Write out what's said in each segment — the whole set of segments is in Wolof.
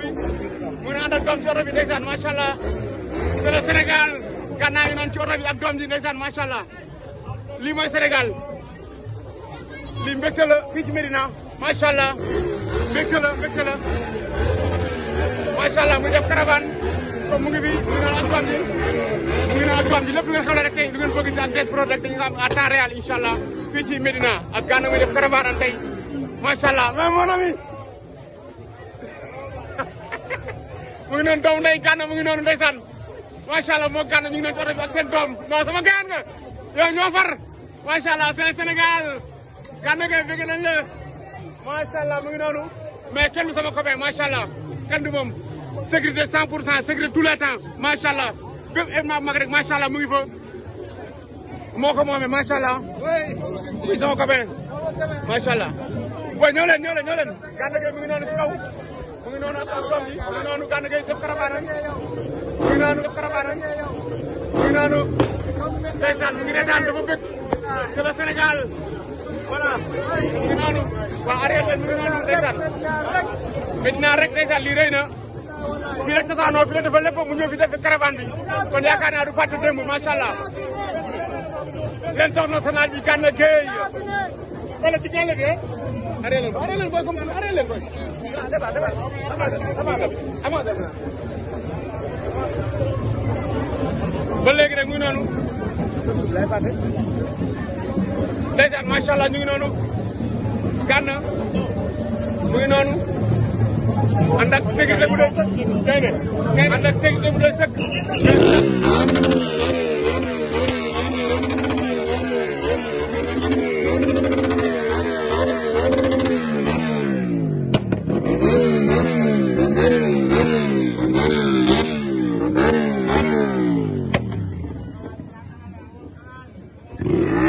bi mu ne ànd ak doom ci oto bi ndeysaan macha allah c'est le Sénégal ci oto bi ak doom ji ndeysaan macha allah lii mooy Sénégal lii mbégte la fii ci Médina macha allah mbégte la mbégte la mu ngi fi mu ngi naan ak doom ji mu ngi xam ne rek tey lu ngeen bëgg ak des produits rek dañu ko am à ak gànnaaw muy def caravane an tey macha mu ngi noonu doomu ndey gànna mu ngi noonu ndeysaan moo gànna ñu ngi noonu ci oto sama gaan nga yow ñoo far macha seen Sénégal gànna kay bëgg nañ la macha allah mu ngi noonu mais sama copain macha allah kenn du moom sécurité 100 pour cent sécurité tout le temps macha allah bépp événement mag fa moo ko moomee macha allah sama copain macha allah. waaw ñëw leen ñëw leen ñëw leen gànna kay mu ngi noonu ak doom bi mu ngi noonu Gana Gueye def caravane mu ngi noonu def caravane mu ngi noonu ndeysaan mu ngi reetaan dafa bëgg c'est le Sénégal voilà mu ngi noonu waa arrêté mu ngi noonu ndeysaan rek ndeysaan lii rëy na rek sasaanoo fi la dafa mu ñëw fi def caravane bi kon yaakaar naa du fàtte démb macha leen soxna national bi Gana Gueye arrêté leen ko arrêté leen ko comme arrêté leen ko. defal defal amoo def ba léegi rek mu ngi noonu. ndeysaan macha allah ñu ngi noonu. gànna mu ngi noonu. ànd ak sécurité bu doy sëkk. kay ne ànd ak sécurité bu doy sëkk.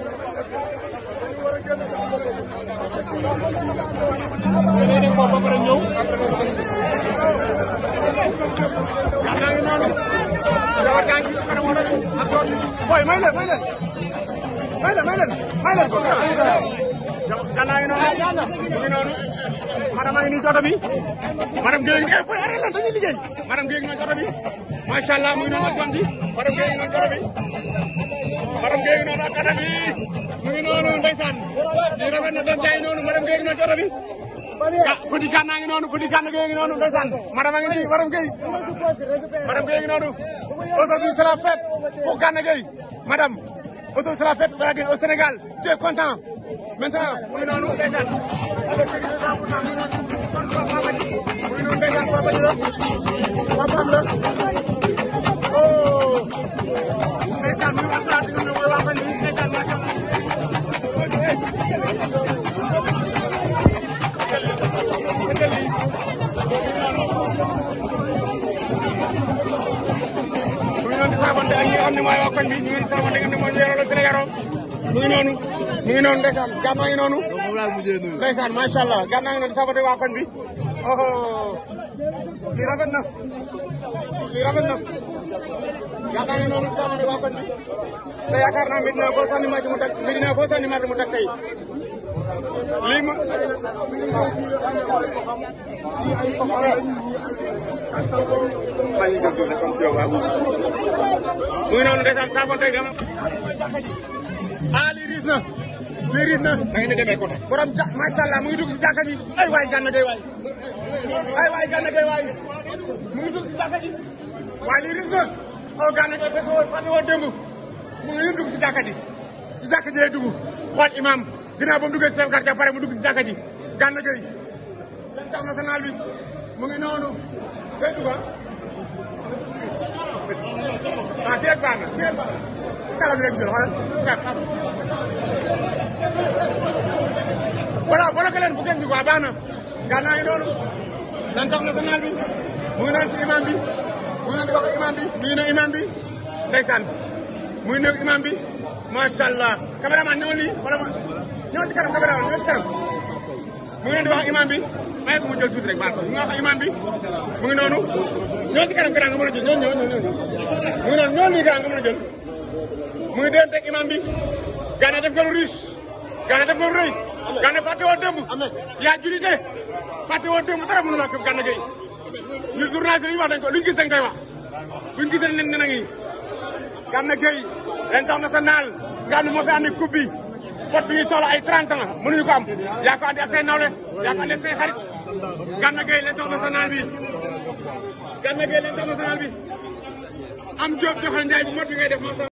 May leen may leen may leen may leen may leen gannaaw yi noonu mu ngi noonu madame a ngi nii joto bi madame Gueye eh booy arrêté lan dañuy liggéey madame Gueye noonu joto bi macha allah mu ngi noonu ak doom ji madame Gueye noonu joto bi madame Gueye noonu ak atam yi mu ngi noonu ndeysaan lii rafet na doom jaay noonu madame Gueye noonu joto bi ah Fodji Gana ngi noonu Fodji Gana Gueye ngi noonu ndeysaan madame a ngi nii madame Gueye madame Gueye ngi noonu aujourd'hui c'est la fête pour Gana Gueye madame autour de la fête Waguéne au Sénégal tu es content maintenant muy noonu ndeysaan xam ne mooy waa koñ bi ñu ngi sama nga ne mooy njëriñu fi la yaroo mu ngi noonu mu ngi noonu ndeysaan gànnaaw ngi noonu ndeysaan macha allah waa koñ bi oho lii rafet na lii rafet na gànnaaw ngi noonu sabati waa koñ bi te yaakaar naa Medina foo sànni màcc mu teg Medina foo mu teg lii ma muy noonu ndeysaan saa kontek dama ah lii riis na lii na da ngeen di demee côté borom ja mu ngi dugg ci jàkka ji ay waay gànna day waay ay waay gànna day waay mu ngi dugg ci jàkka ji waay lii na oh gànna day fekk woon fàtte woon démb mu ngi dugg ci jàkka ji ci jàkka ji lay dugg xool imam ginnaaw ba mu duggee ci chef quartier pare mu dugg ci jàkka ji Gana Gueye tax mu ngi noonu féetu ko ah téye baax na téye baax na kala bi rek jël xoolal voilà boloke ngi noonu lan tax national mu ngi noonu ci imam bi mu ngi noonu di wax imam mu ngi ne imam bi ndeysaan muy nekk imam bi lii ñoo ci kanam caméra ñoo ci kanam mu ngi leen di wax imam bi bàyyi ko mu jël tuuti rek waaw mu ngi wax imam bi mu ngi noonu ñoo ci kanam garaan nga mën a jël ñoo ñoo ñoo ñoo mu ngi noonu ñoo lii garaan nga mën a jël mu ngi dénteeg imam bi Gana def nga lu riche Gana def nga lu rëy Gana fàtte woon démb yaa julite fàtte woon démb dara mënu la ko Gana Gueye ñu journaliste li ñu wax dañ ko luñ gis dañ koy wax buñ gisee ne ne na ngi Gana Gueye international nga xam ne moo fi andi coupe bi pot bi ñuy soxla ay 30 ans mënuñu ko am yaa ko andi ak say nawle yaa ko ak say xarit Gana Gueye l'international bi Gana Gueye l'international bi am Diop Joxal Ndiaye bu bi ngay def